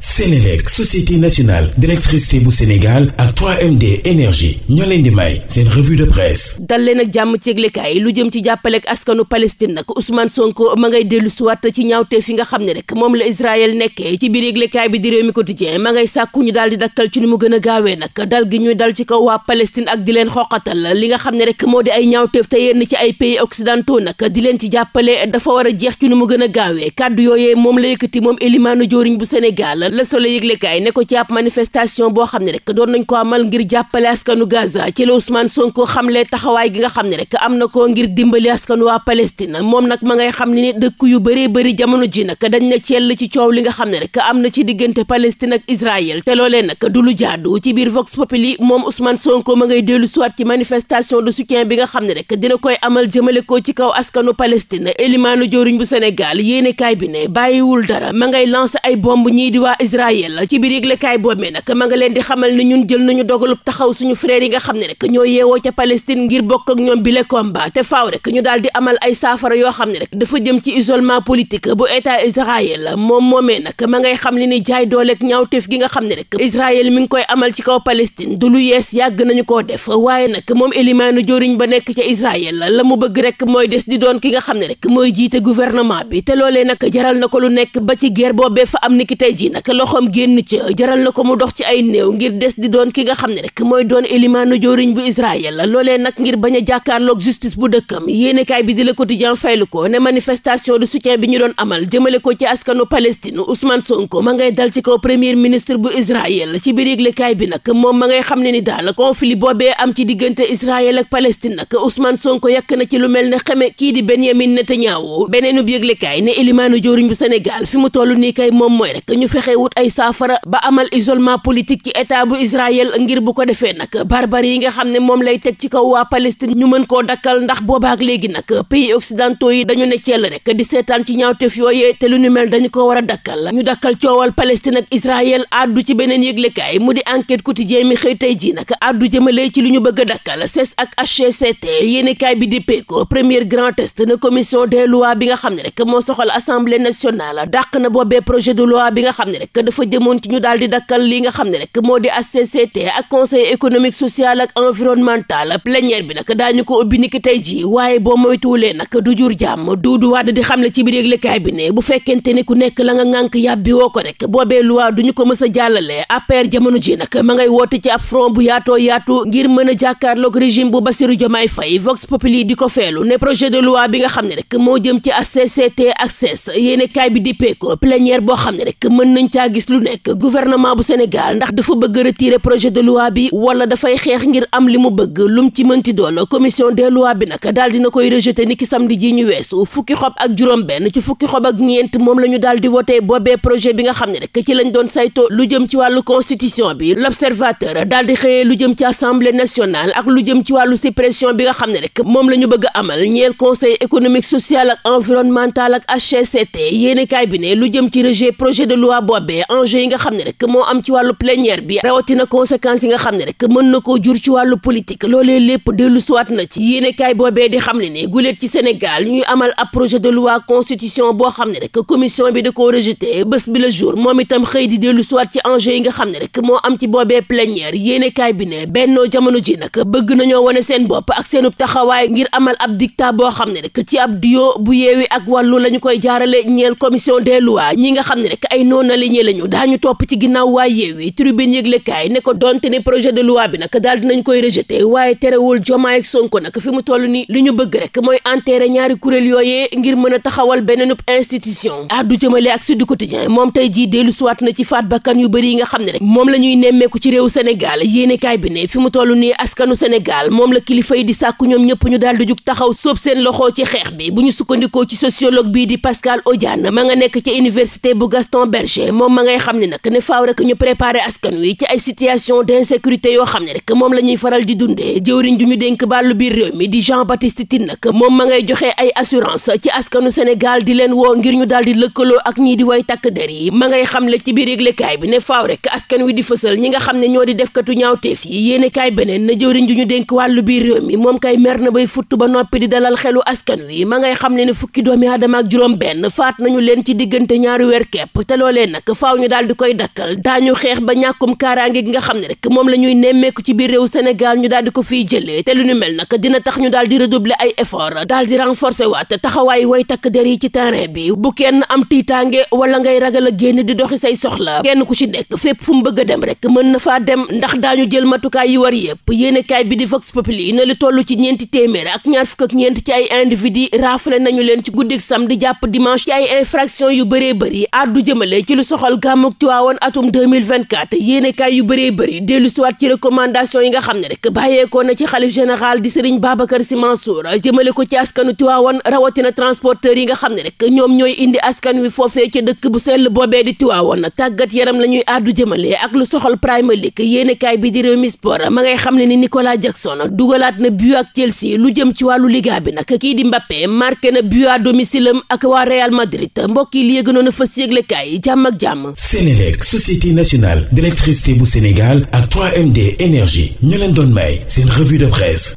Sénélec société nationale d'électricité bu Sénégal ak 3MD énergie ñoo leen di may seen revue de presse dal leen ak jàmm ci yëglekaay lu jëm ci jàppale jàppalek askanu Palestine nag Ousmane Sonko ma ngay dellu suwaat ci ñaawtee fi nga xam ne rek moom la Israël nekkee ci biir yëglekaay bi di réew mi quotidien ma ngay sàkku ñu daal di dakkal ci ni mu gën a gaawee nag dal gi ñuy dal ci kaw waa Palestine ak di leen la li nga xam ne rek moo di ay ñaawteef te yenn ci ay pays occidentaux nag di leen ci jàppale dafa war a jeex ci ni mu gën a gaawee kàddu yooyee moom la yëkkati moom Elimaanu Jooriñ bu Sénégal le soleil yëglekaay ne ko ci ab manifestation boo xam ne rek doon nañ ko amal ngir jàppale askanu Gaza ci la Ousmane Sonko xamle taxawaay gi nga xam ne rek am na ko ngir dimbali askanu waa Palestine moom nag ma ngay xam ne dëkk yu bëree bëri jamono ji nag dañ na cell ci coow li nga xam ne rek am na ci diggante Palestine ak Israël te loolee nag du lu jaadu ci biir Vox Populi moom Ousmane Sonko ma ngay dellu suwaat ci manifestation de soutien bi nga xam ne rek dina koy amal jëmale ko ci kaw askanu Palestine élimaanu joriñ bu Sénégal yéene kaay bi ne bàyyiwul dara ma ngay lancé ay bomb ñii Israël ci biir yëglekaay boobee nag ma nga leen di xamal ni ñun jël nañu dogalub taxaw suñu frères yi nga xam ne rek ñoo yeewoo ca Palestine ngir bokk ak ñoom bile combat te faaw rek ñu daal di amal ay saafara yoo xam ne rek dafa jëm ci isolement politique bu état Israël moom moomee nag ma ngay xam li ni jaay dooleeg ñaawteef gi xam ne rek Israël mi ngi koy amal ci kaw Palestine du lu yees yàgg nañu koo def waaye nag moom élimaanu joriñ ba nekk ca Israël la mu bëgg rek mooy des di doon ki nga xam ne rek mooy jiite gouvernement bi te loolee nag jaral na ko lu nekk ba ci guerre boobee fa am ni ki tey jii nag rek loxoom génn ci jaral na ko mu dox ci ay néew ngir des di doon ki nga xam ne rek mooy doon élimaanu jooriñ bu la loolee nag ngir bañ a jàkkaarloog justice bu dëkkam yéenekaay bi di Le Quotidien faylu ko ne manifestation de soutien bi ñu doon amal jëmale ko ci askanu Palestine Ousmane Sonko ma ngay dal ci kaw premier ministre bu Israël ci biir yëglekaay bi nag moom ma ngay xam ne ni daal conflit boobee am ci diggante Israël ak Palestine nag Ousmane Sonko yàkk na ci lu mel ne xame kii di Benyamin Netanyahu beneenub yëglekaay ne élimaanu jooriñ bu Sénégal fi mu toll nii kay moom mooy rek wut ay saafara ba amal isolement politique ci état bu Israël ngir bu ko defee nag barbarie yi nga xam ne moom lay teg ci kaw waa Palestine ñu mën koo dakkal ndax ak léegi nag pays occidentaux yi dañu ne ceel rek di seetaan ci ñaawteef yooyee te lu ñu mel dañu ko war a dakkal la ñu dakkal coowal Palestine ak Israël addu ci beneen yëglekaay mu di enquête quotidien mi xëy tey ji nag addu jëmale ci lu ñu bëgg a dakkal CES ak HCCT yéenekaay bi di PECO premier grand test na commission bi nga xam ne rek moo soxal assemblée nationale dàq na boobee projet de loi bi nga xam ne rek rek dafa jëmoon ci ñu daal di dakkal li nga xam ne rek moo di a HCCT ak conseil économique social ak environnemental plénière bi nag daañu ko ubbi tey jii waaye boo moytuwulee nag du jur jàmm duudu wadd di xam ne ci biir yëglekaay bi ne bu fekkente ni ku nekk la nga ŋànk woo ko rek boobee luwaa du ñu ko mës a jàllale APR jamono ji nag ma ngay woote ci ab front bu yaatoo yaatu ngir mën a jàkkaarloog régime bu Bassirou Diomaye Faye Vox Populi di ko feelu ne projet de loi bi nga xam ne rek moo jëm ci HCCT ak CESE yéene kaay bi di peeko plénière boo xam ne rek mën nañ caa gis lu nekk gouvernement bu Sénégal ndax dafa bëgg retirer projet de loi bi wala dafay xeex ngir am li mu bëgg lum ci mënti doon commission des lois bi nag daal dina koy rejeté ni ki samedi ji ñu weesu fukki xob ak juróom-benn ci fukki xob ak ñeent moom la ñu daal di voté boobee projet bi nga xam ne rek ci lañ doon sayto lu jëm ci wàllu constitution bi l'observateur daal di xëyee lu jëm ci assemblée national ak lu jëm ci wàllu suppression bi nga xam ne rek moom la ñu bëgg amal ñeel conseil économique social ak environnemental ak HCCT yéenekaay bi ne lu jëm ci rejet projet de loi boobu boobee nga xam ne rek moo am ci wàllu plénière bi rawatina conséquences yi nga xam ne rek mën na koo jur ci wàllu politique loolee lépp dellu suwaat na ci yéenekaay boobee di xam ne ne guléet ci Sénégal ñuy amal ab projet de loi constitution boo xam ne rek commission bi da koo rejeté bés bi la jour moom itam xëy di dellu suwaat ci enjeu yi nga xam ne rek moo am ci boobee plénière yéenekaay bi ne bennoo jamono ji nag bëgg nañoo wane seen bopp ak seenub taxawaay ngir amal ab dictat boo xam ne rek ci ab duo bu yeewi ak wàllu la koy jaarale ñeel commission des lois ñi nga xam ne rek ay noonali ñee lañu daañu topp ci ginnaaw waa Yewwi tribune yëglekaay ne ko donte ne projet de loi bi nag daal dinañ koy rejeté waaye terewul Jomaay ak Sonko nag fi mu toll ni li ñu bëgg rek mooy enterré ñaari kuréel yooyee ngir mën a taxawal beneenub institution addu jëmale ak Sud Quotidien moom tey jii dellu suwaat na ci faat bakkan yu bëri nga xam ne rek moom la ñuy nemmeeku ci réew Sénégal yéenekaay bi ne fi mu toll nii askanu Sénégal moom la kilifa yi di sàkku ñoom ñu daal di jug taxaw sóob seen ci xeex bi bu ñu ci sociologue bii di Pascal Odiane ma nga nekk ci université bu moom ma ngay xam ne nag ne faaw rekk ñu préparer askan wi ci ay situation d'insécurité yoo xam ne rek moom la ñuy faral di dundee jëwriñ ju ñu dénk bàllu biir réew mi di Jean Baptiste Tine nag moom ma ngay joxe ay assurance ci askanu Sénégal di leen woo ngir ñu daal di lëkkaloo ak ñii di way takk der yi ma ngay xam le ci biir yëglekaay bi ne faaw rek askan wi di fësal ñi nga xam ne ñoo di defkatu ñaawteef yi yéenekaay beneen jëwriñ ju ñu dénk wàllu biir mi moom kay mer na bay futt ba noppi di dalal xelu askan wi ma ngay xam ne ne fukki doomi aadama ak juróom benn faat nañu leen ci diggante ñaari weer kepp te loolee nag rek faaw ñu daal di koy dakkal daañu xeex ba ñàkkum kaaraange bi nga xam ne rek moom la ñuy nemmeeku ci biir réew Sénégal ñu daal di ko fiy jëlee te lu nu mel nag dina tax ñu daal di redoubler ay effort daal di renforcer waat taxawaay woy takk der yi ci terrain bi bu kenn am tiitaange wala ngay ragal a génn di doxi say soxla kenn ku ci nekk fépp fu mu bëgg a dem rek mën na faa dem ndax daañu jël matukaay yi war yëpp yéenekaay bi di Vox Populi na li toll ci ñeenti téeméer ak ñaar fukk ak ñeent ci ay individu raafale nañu leen ci guddik samedi jàpp dimanche ci yu bëree bëri addu jëmale ci lu sox soxal gàmmug Tiwaawan atum 2024 yéenekaay yu bëree bëri dellu siwaat ci recommandation yi nga xam ne rek bàyyeekoo na ci xalif général di Serigne Babacar Sy Mansour jëmale ko ci askanu Tiwaawan rawatina transporteur yi nga xam ne rek ñoom ñooy indi askan wi foofee ca dëkk bu sell boobee di Tiwaawan tàggat yaram la ñuy àddu jëmale ak lu soxal Premier League yéenekaay bi di Rewmi Sport a ngay xam ne ni Nicolas Jackson dugalaat na but ak Chelsea lu jëm ci wàllu Liga bi nag kii di Mbappé marqué na but à domicile am ak waa Real Madrid mbokk yi li yëgënoon a fas yëgle kaay jàmm jàmm Sénélec société nationale d'électricité bu Sénégal ak 3 d énergie ñu leen doon may seen revue de presse